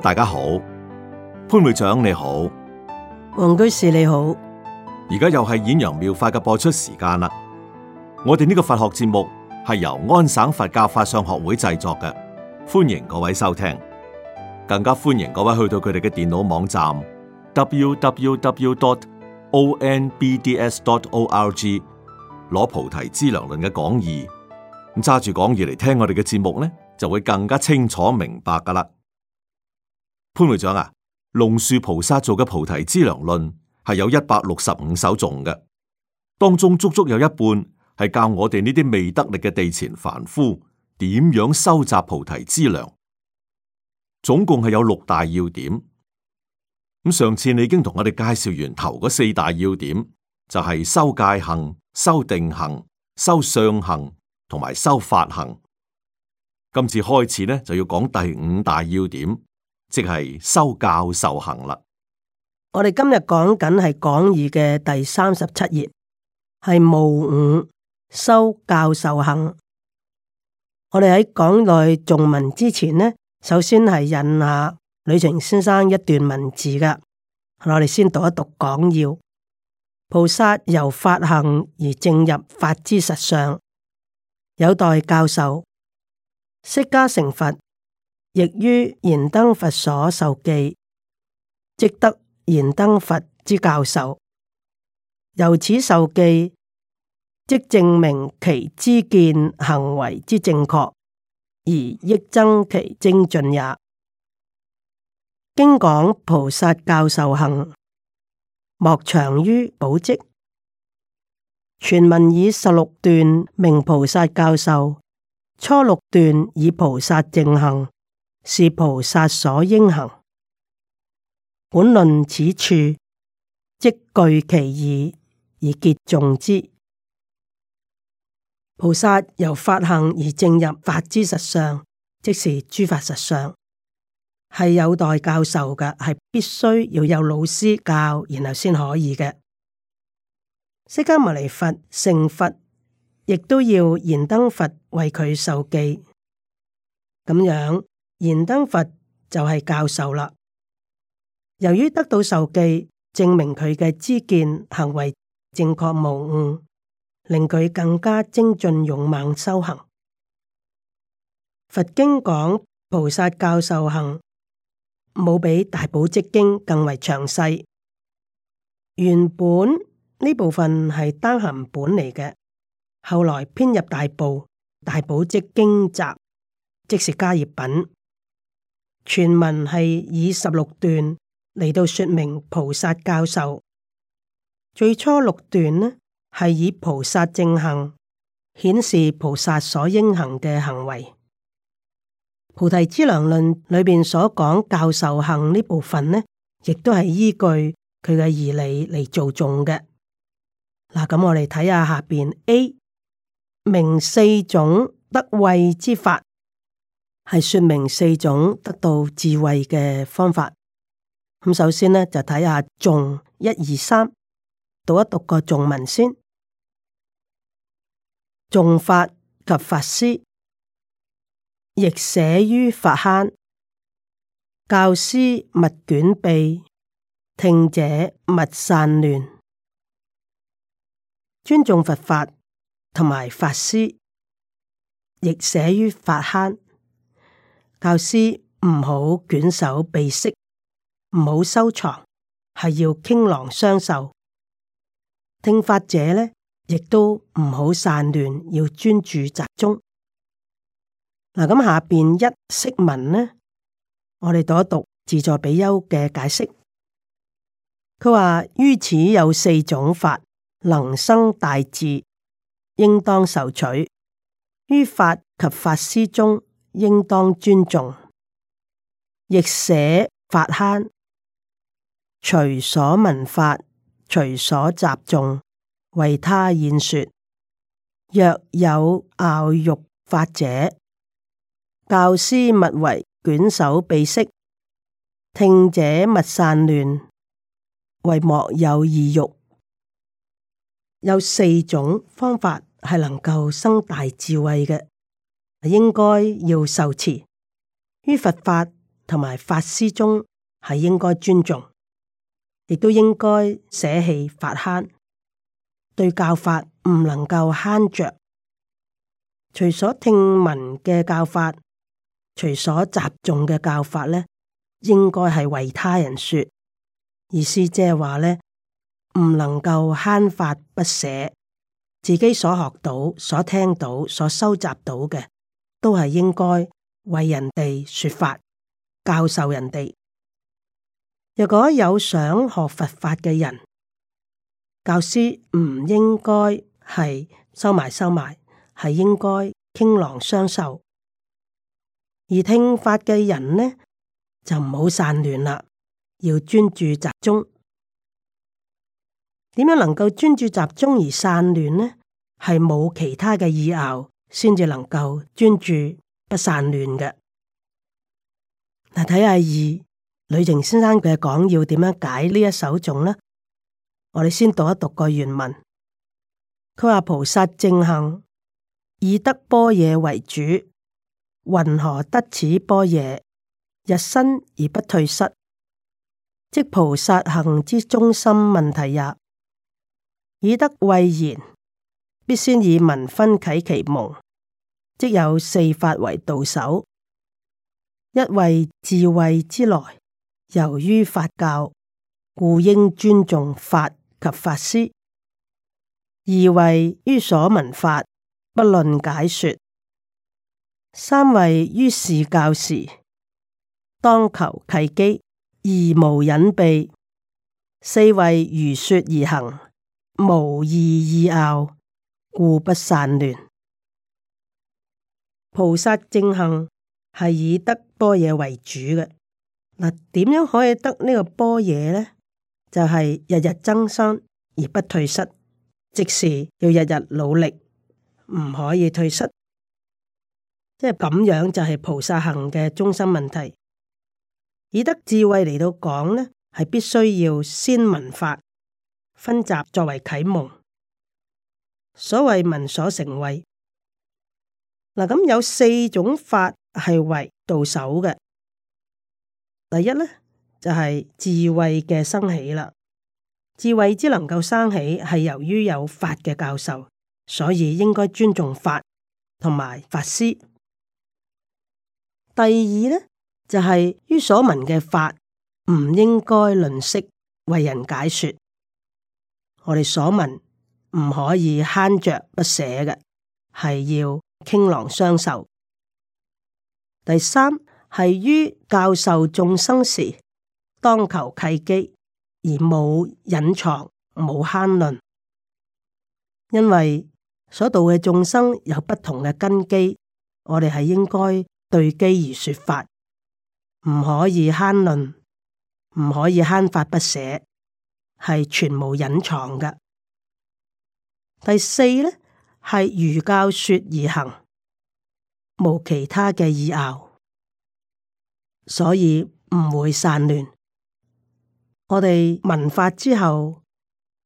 大家好，潘會長你好，王居士你好，而家又係演揚妙法嘅播出時間啦。我哋呢個佛學節目係由安省佛教法相學會製作嘅，歡迎各位收聽，更加歡迎各位去到佢哋嘅電腦網站 www.onbds.org 攞菩提資糧論嘅講義，咁揸住講義嚟聽我哋嘅節目咧，就會更加清楚明白噶啦。潘會長啊，龍樹菩薩做嘅《菩提資糧論》係有一百六十五首頌嘅，當中足足有一半係教我哋呢啲未得力嘅地前凡夫點樣收集菩提資糧，總共係有六大要點。咁上次你已經同我哋介紹完頭嗰四大要點，就係、是、修戒行、修定行、修相行同埋修法行。今次開始咧就要講第五大要點。即係修教授行啦。我哋今日講緊係講義嘅第三十七頁，係無五修教授行。我哋喺講內眾文之前呢，首先係引下呂澂先生一段文字噶。我哋先讀一讀講要，菩薩由法行而正入法之實相，有待教授，釋迦成佛。亦於燃燈佛所授記，即得燃燈佛之教授。由此授記，即證明其知見行為之正確，而益增其精進也。經講菩薩教授行，莫長於寶積。全文以十六段名菩薩教授，初六段以菩薩正行。是菩薩所應行，本論此處即具其意，以結眾之。菩薩由法行而正入法之實相，即是諸法實相，係有待教授嘅，係必須要有老師教，然後先可以嘅。釋迦牟尼佛成佛，亦都要燃燈佛為佢授記，咁樣。燃燈佛就係教授啦。由於得到授記，證明佢嘅知見行為正確無誤，令佢更加精進勇猛修行。佛經講菩薩教授行，冇比《大寶積經》更為詳細。原本呢部分係單行本嚟嘅，後來編入大部《大部大寶積經》集，即是加葉品。全文係以十六段嚟到說明菩薩教授，最初六段呢，係以菩薩正行顯示菩薩所應行嘅行為。菩提資糧論裏邊所講教授行呢部分呢，亦都係依據佢嘅義理嚟造眾嘅。嗱，咁我哋睇下下邊 A 明四種得慧之法。係說明四種得到智慧嘅方法。咁首先呢，就睇下頌一二三，讀一讀個頌文先。重法及法師，亦捨於法慳。教師勿捲臂，聽者勿散亂。尊重佛法同埋法師，亦捨于法慳。教師唔好捲手避色，唔好收藏，係要傾囊相授。聽法者呢，亦都唔好散亂，要專注集中。嗱，咁下邊一釋文呢，我哋讀一讀自在比丘嘅解釋。佢話於此有四種法能生大智，應當受取。於法及法師中。應當尊重，亦捨法慳，隨所聞法，隨所集眾，為他演說。若有拗欲法者，教師勿為捲手鼻息，聽者勿散亂，為莫有意欲。有四種方法係能夠生大智慧嘅。係應該要受持於佛法同埋法師中，係應該尊重，亦都應該捨棄法慳。對教法唔能夠慳着，隨所聽聞嘅教法，隨所集眾嘅教法咧，應該係為他人說。意思即係話咧，唔能夠慳法不捨自己所學到、所聽到、所收集到嘅。都係應該為人哋說法，教授人哋。如果有想學佛法嘅人，教師唔應該係收埋收埋，係應該傾囊相授。而聽法嘅人呢，就唔好散亂啦，要專注集中。點樣能夠專注集中而散亂呢？係冇其他嘅意拗。先至能夠專注不散亂嘅。嗱，睇下二呂靜先生嘅講要點樣解呢一首頌呢？我哋先讀一讀個原文。佢話菩薩正行以得般若為主，云何得此般若？日新而不退失，即菩薩行之中心問題也。以德為言。必先以文分啟其蒙，即有四法為道手。一為智慧之來，由於法教，故應尊重法及法師；二為於所聞法不論解說；三為於事教時當求契機，而無隱蔽；四為如說而行，無異議拗。故不散亂，菩薩正行係以得般若為主嘅。嗱，點樣可以得個呢個般若咧？就係、是、日日增生而不退失，即是要日日努力，唔可以退失。即係咁樣就係菩薩行嘅中心問題。以得智慧嚟到講咧，係必須要先聞法薰習作為啟蒙。所謂聞所成慧。嗱，咁有四種法係為到手嘅。第一咧就係、是、智慧嘅生起啦，智慧只能夠生起係由於有法嘅教授，所以應該尊重法同埋法師。第二咧就係、是、於所聞嘅法唔應該吝嗇，為人解說，我哋所聞。唔可以慳着不捨嘅，係要傾囊相授。第三係於教授眾生時，當求契機，而冇隱藏，冇慳論。因為所度嘅眾生有不同嘅根基，我哋係應該對機而說法，唔可以慳論，唔可以慳法不捨，係全無隱藏嘅。第四呢，係如教說而行，無其他嘅意拗，所以唔會散亂。我哋聞法之後，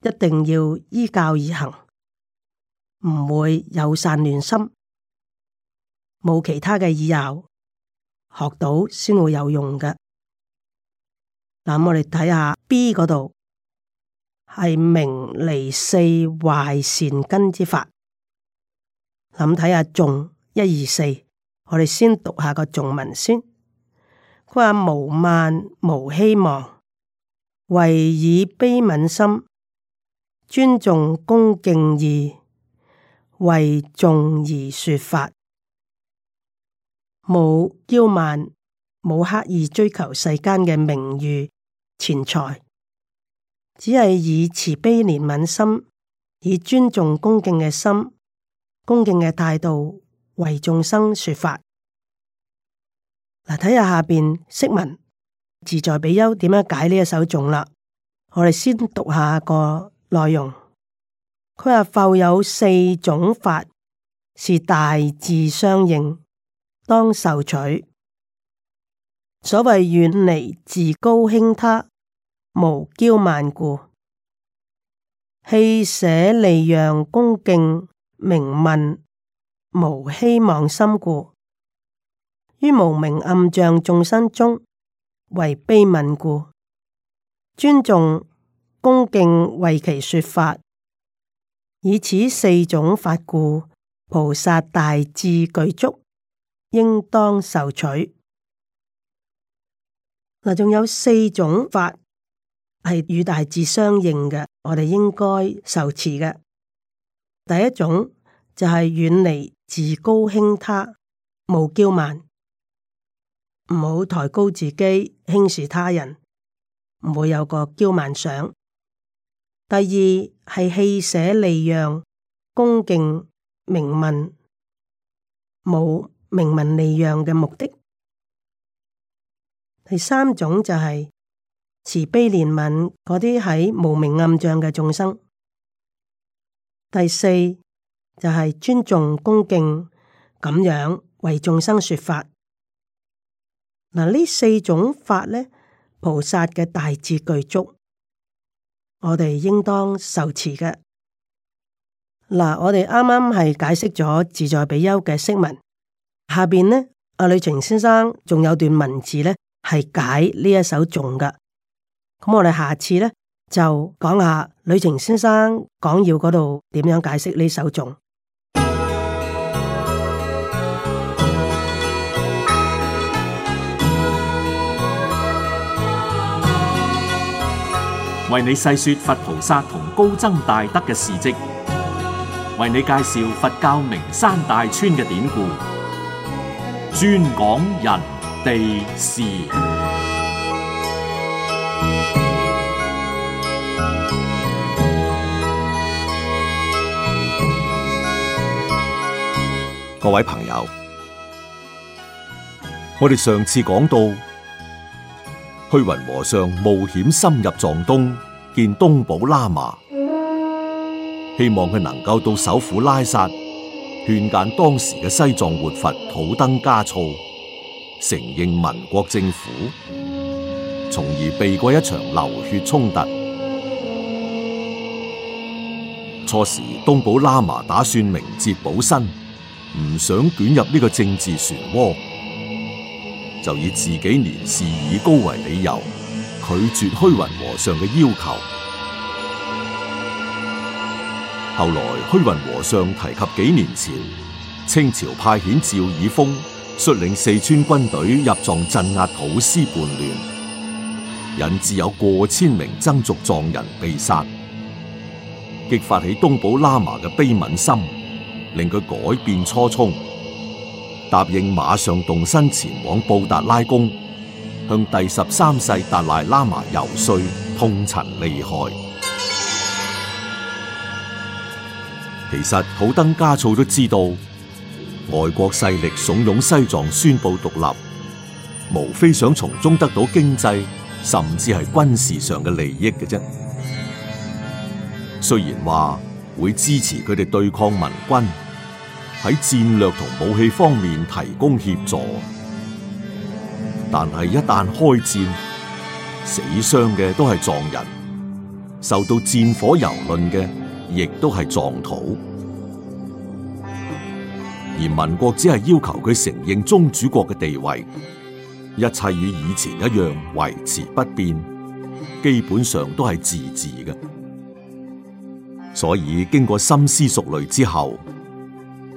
一定要依教而行，唔會有散亂心，冇其他嘅意拗，學到先會有用嘅。嗱，我哋睇下 B 嗰度。係名離四壞善根之法，咁睇下眾一二四，我哋先讀下個眾文先。佢話，無慢無希望，唯以悲憫心尊重恭敬意為眾而說法，冇驕慢，冇刻意追求世間嘅名譽錢財。只係以慈悲憐憫心，以尊重恭敬嘅心，恭敬嘅態度為眾生說法。嗱，睇下下邊釋文自在比丘點樣解呢一首頌啦。我哋先讀下個內容。佢話：復有四種法是大智相應，當受取。所謂遠離自高輕他。無驕慢故，棄捨利讓恭敬明問，無希望心故，於無明暗障眾生中為悲愍故，尊重恭敬為其說法，以此四種法故，菩薩大智具足，應當受取。嗱，仲有四種法。係與大智相應嘅，我哋應該受持嘅。第一種就係、是、遠離自高輕他，無驕慢，唔好抬高自己，輕視他人，唔會有個驕慢想。第二係棄捨利讓，恭敬名聞，冇名聞利讓嘅目的。第三種就係、是。慈悲憐憫嗰啲喺無明暗障嘅眾生，第四就係、是、尊重恭敬咁樣為眾生說法。嗱，呢四種法呢，菩薩嘅大智具足，我哋應當受持嘅。嗱，我哋啱啱係解釋咗自在比丘嘅釋文，下面呢，阿呂澄先生仲有段文字呢，係解呢一首頌嘅。咁我哋下次咧，就講下呂澄先生講要嗰度點樣解釋呢首頌。為你細說佛菩薩同高僧大德嘅事跡，為你介紹佛教名山大川嘅典故，專講人地事。各位朋友，我哋上次講到虛雲和尚冒險深入藏東見東寶喇嘛，希望佢能夠到首府拉薩勸諫當時嘅西藏活佛土登加措，承認民國政府，從而避過一場流血衝突。初時東寶喇嘛打算明哲保身。唔想捲入呢個政治漩渦，就以自己年事已高為理由，拒絕虛雲和尚嘅要求。後來虛雲和尚提及幾年前清朝派遣趙爾豐率領四川軍隊入藏鎮壓土司叛亂，引致有過千名藏族藏人被殺，激發起東寶喇嘛嘅悲憫心。令佢改變初衷，答應馬上動身前往布達拉宮，向第十三世達賴喇嘛遊說痛陳利害。其實土登嘉措都知道，外國勢力慫恿西藏宣布獨立，無非想從中得到經濟甚至係軍事上嘅利益嘅啫。雖然話，會支持佢哋對抗民軍，喺戰略同武器方面提供協助。但係一旦開戰，死傷嘅都係藏人，受到戰火蹂躪嘅亦都係藏土。而民國只係要求佢承認宗主國嘅地位，一切與以前一樣維持不變，基本上都係自治嘅。所以經過深思熟慮之後，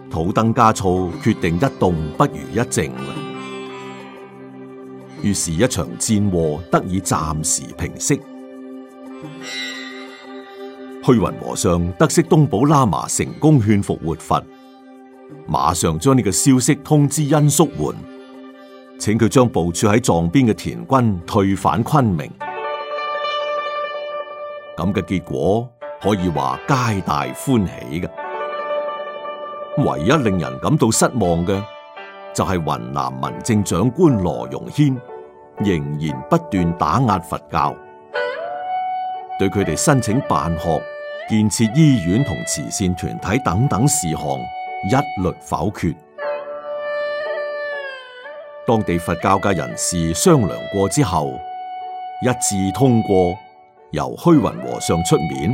土登加措決定一動不如一靜，於是，一場戰禍得以暫時平息。虛雲和尚得悉東寶喇嘛成功勸服活佛，馬上將呢個消息通知殷叔援，請佢將部署喺藏邊嘅滇軍退返昆明。咁嘅結果。可以話皆大歡喜嘅，唯一令人感到失望嘅就係雲南民政長官羅榮軒仍然不斷打壓佛教，對佢哋申請辦學、建設醫院同慈善團體等等事項一律否決。當地佛教界人士商量過之後，一致通過，由虛雲和尚出面。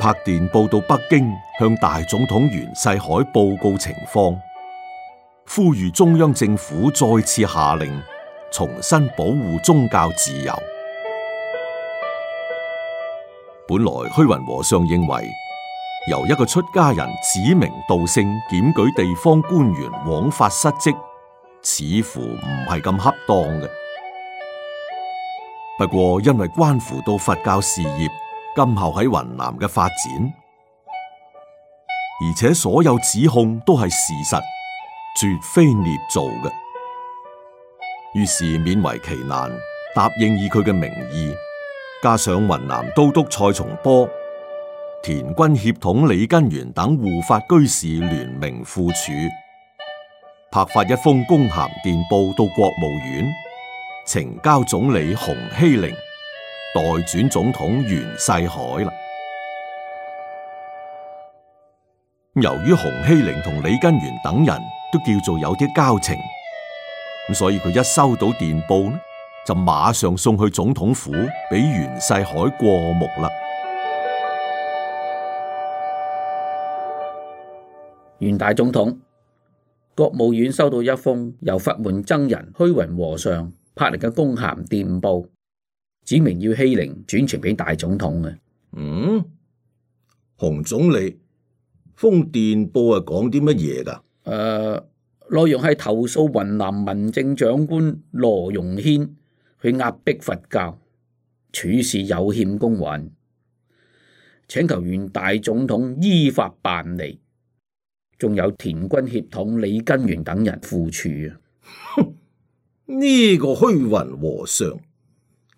拍電報到北京，向大總統袁世凱報告情況，呼籲中央政府再次下令重新保護宗教自由。本來虛雲和尚認為，由一個出家人指名道姓檢舉地方官員枉法失職，似乎唔係咁恰當嘅。不過因為關乎到佛教事業。今後喺雲南嘅發展，而且所有指控都係事實，絕非捏造嘅。於是勉為其難，答應以佢嘅名義，加上雲南都督蔡松波、田軍協統李根源等護法居士聯名附署，拍發一封公函電報到國務院，呈交總理熊希齡。代轉總統袁世凱啦。由於洪熙齡同李根源等人都叫做有啲交情，咁所以佢一收到電報呢，就馬上送去總統府俾袁世凱過目啦。袁大總統，國務院收到一封由佛門僧人虛雲和尚拍嚟嘅公函電報。指明要欺凌，轉傳俾大總統嘅。嗯，洪總理封電報啊，講啲乜嘢噶？誒，內容係投訴雲南民政長官羅榮軒，去壓迫佛教，處事有欠公允，請求袁大總統依法辦理，仲有田軍協統李根源等人付處啊。呢個虛雲和尚，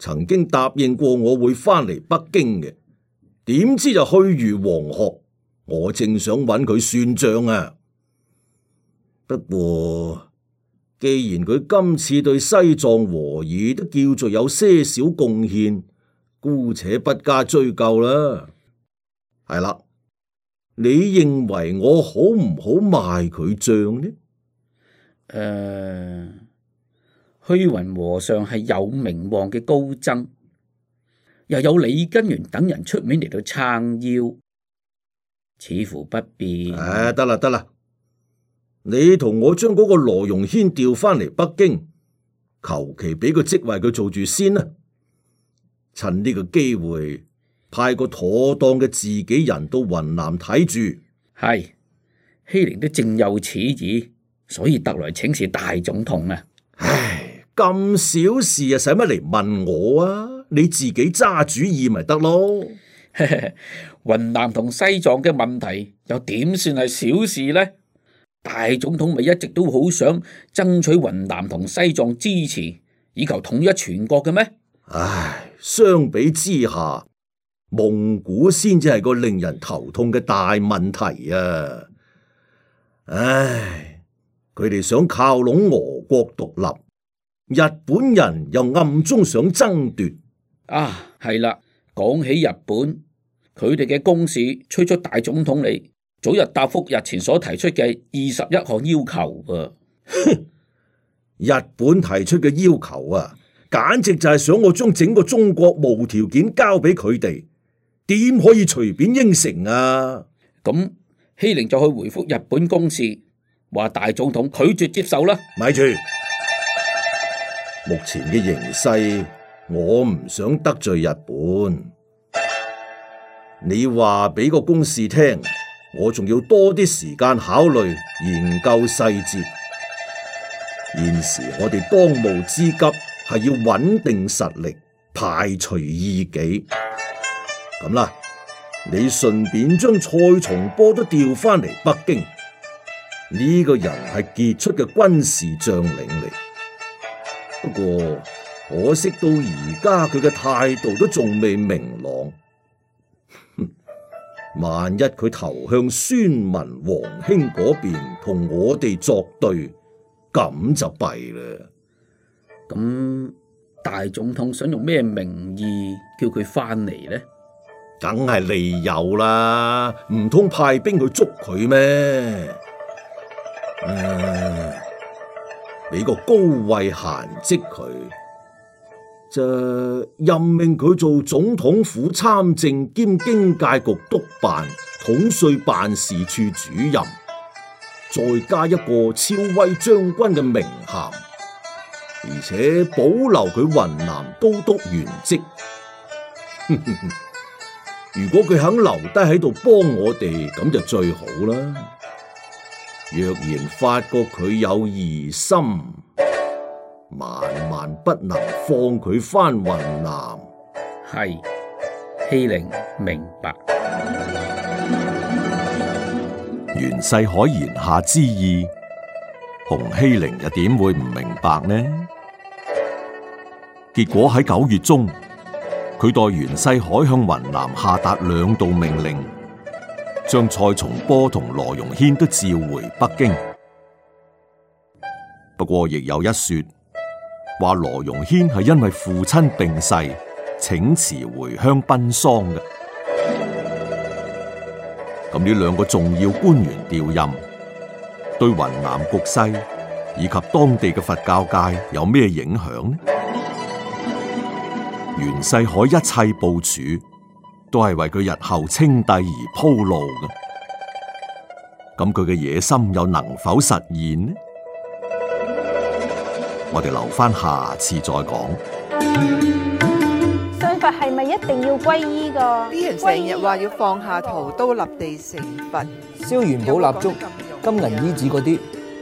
曾經答應過我會翻嚟北京嘅，點知就虛如黃鶴。我正想揾佢算賬啊。不過既然佢今次對西藏和議都叫做有些少貢獻，姑且不加追究啦。係啦，你認為我好唔好賣佢賬呢？誒、uh。虛雲和尚係有名望嘅高僧，又有李根源等人出面嚟到撐腰，似乎不便。唉、啊，得啦，得啦，你同我將嗰個羅容軒調翻嚟北京，求其俾個職位佢做住先啊。趁呢個機會派個妥當嘅自己人到雲南睇住，係欺凌都正有此意，所以特來請示大總統啊。唉。咁小事啊，使乜嚟問我啊？你自己揸主意咪得咯？ 雲南同西藏嘅問題又點算係小事呢？大總統咪一直都好想爭取雲南同西藏支持，以求統一全國嘅咩？唉，相比之下，蒙古先至係個令人頭痛嘅大問題啊！唉，佢哋想靠攏俄國獨立。日本人又暗中想爭奪啊，係啦。講起日本，佢哋嘅公使催促大總統嚟，早日答復日前所提出嘅二十一項要求噶。日本提出嘅要求啊，簡直就係想我將整個中國無條件交俾佢哋，點可以隨便應承啊？咁希靈就去回覆日本公使，話大總統拒絕接受啦。咪住。目前嘅形勢，我唔想得罪日本。你話俾個公事聽，我仲要多啲時間考慮研究細節。現時我哋當務之急係要穩定實力，排除異己。咁啦，你順便將蔡松波都調翻嚟北京。呢個人係傑出嘅軍事將領嚟。不過可惜到而家佢嘅態度都仲未明朗， 萬一佢投向孫文黃興嗰邊同我哋作對，咁就弊啦。咁、嗯、大總統想用咩名義叫佢翻嚟呢？梗係利誘啦，唔通派兵去捉佢咩？嗯。俾個高位閒職佢，就任命佢做總統府參政兼經界局督辦、統率辦事處主任，再加一個超威將軍嘅名銜，而且保留佢雲南都督原職。 如果佢肯留低喺度幫我哋，咁就最好啦。若然發覺佢有疑心，萬萬不能放佢返雲南。係，希凌明白。袁世凱言下之意，洪希凌又點會唔明白呢？結果喺九月中，佢代袁世凱向雲南下達兩道命令。將蔡松坡同羅榮軒都召回北京，不過亦有一說，話羅榮軒係因為父親病逝，請辭回鄉奔喪嘅。咁呢兩個重要官員調任，對雲南局勢以及當地嘅佛教界有咩影響呢？袁世凱一切部署，都係為佢日後稱帝而鋪路嘅。咁佢嘅野心又能否實現呢？我哋留翻下次再講。信佛係咪一定要皈依噶？啲人成日話要放下屠刀立地成佛，燒元寶蠟燭、金銀衣紙嗰啲，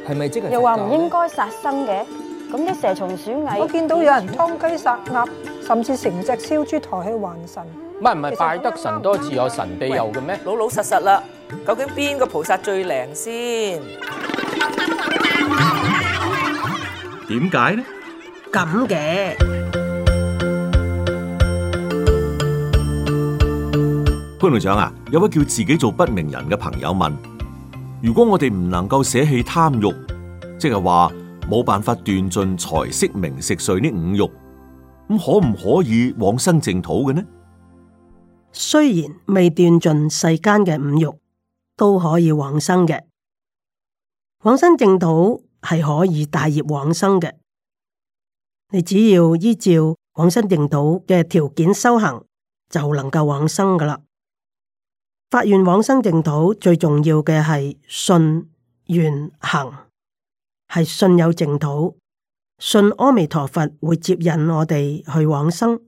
係咪即係？又話唔應該殺生嘅？咁啲蛇蟲鼠蟻，我見到有人劏雞殺鴨，甚至成隻燒豬抬去還神。唔係唔係，拜得神多自有神庇佑嘅咩？老老實實啦，究竟邊個菩薩最靈先？點解呢？咁嘅。潘隊長啊，有位叫自己做不明人嘅朋友問：如果我哋唔能夠捨棄貪欲，即係話冇辦法斷盡財色名食睡呢五欲，咁可唔可以往生淨土嘅呢？雖然未斷盡世間嘅五欲，都可以往生嘅。往生淨土係可以帶業往生嘅。你只要依照往生淨土嘅條件修行，就能夠往生噶啦。發願往生淨土最重要嘅係信願行，係信有淨土，信阿彌陀佛會接引我哋去往生。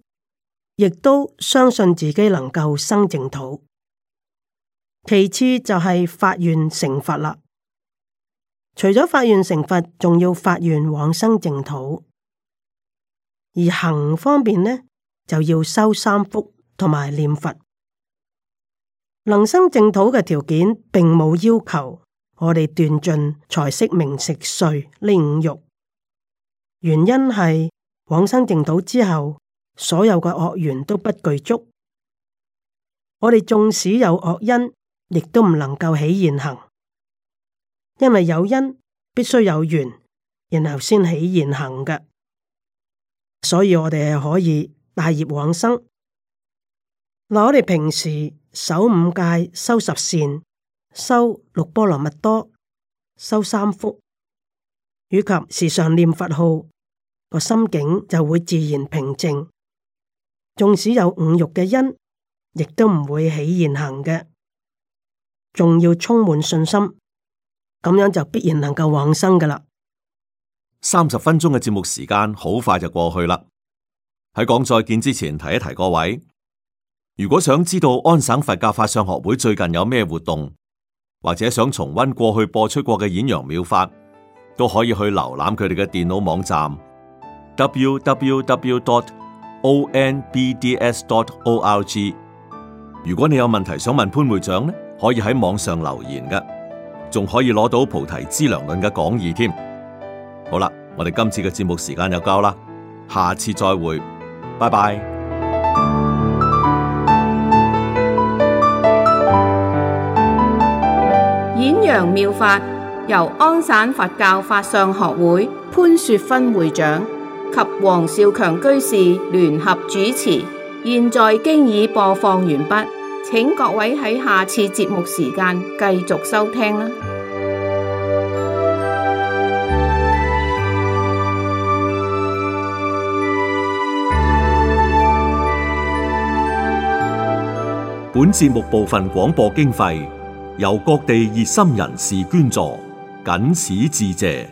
亦都相信自己能夠生淨土，其次就係發願成佛啦。除咗發願成佛，仲要發願往生淨土。而行方面呢，就要修三福同埋念佛。能生淨土嘅條件，並冇要求我哋斷盡財色名食睡呢五欲。原因係往生淨土之後。所有嘅惡緣都不具足，我哋縱使有惡因，亦都唔能夠起現行，因為有因必須有緣，然後先起現行嘅。所以我哋係可以帶業往生。嗱，我哋平時守五戒、修十善、修六波羅蜜多、修三福，以及時常念佛號，個心境就會自然平靜。縱使有五欲嘅因，亦都唔會起現行嘅，仲要充滿信心，咁樣就必然能夠往生噶啦。三十分鐘嘅節目時間好快就過去啦。喺講再見之前，提一提各位，如果想知道安省佛教法相學會最近有咩活動，或者想重温過去播出過嘅演揚妙法，都可以去瀏覽佢哋嘅電腦網站 www.dot。Www. onbds.org。如果你有問題想問潘會長呢，可以喺網上留言㗎，仲可以攞到《菩提資糧論》嘅講義添。好啦，我哋今次嘅節目時間又夠啦，下次再會，拜拜。演揚妙法由安省佛教法相學會潘雪芬會長。及王少強居士聯合主持，現在經已播放完畢，請各位喺下次節目時間繼續收聽啦。本節目部分廣播經費由各地熱心人士捐助，謹此致謝。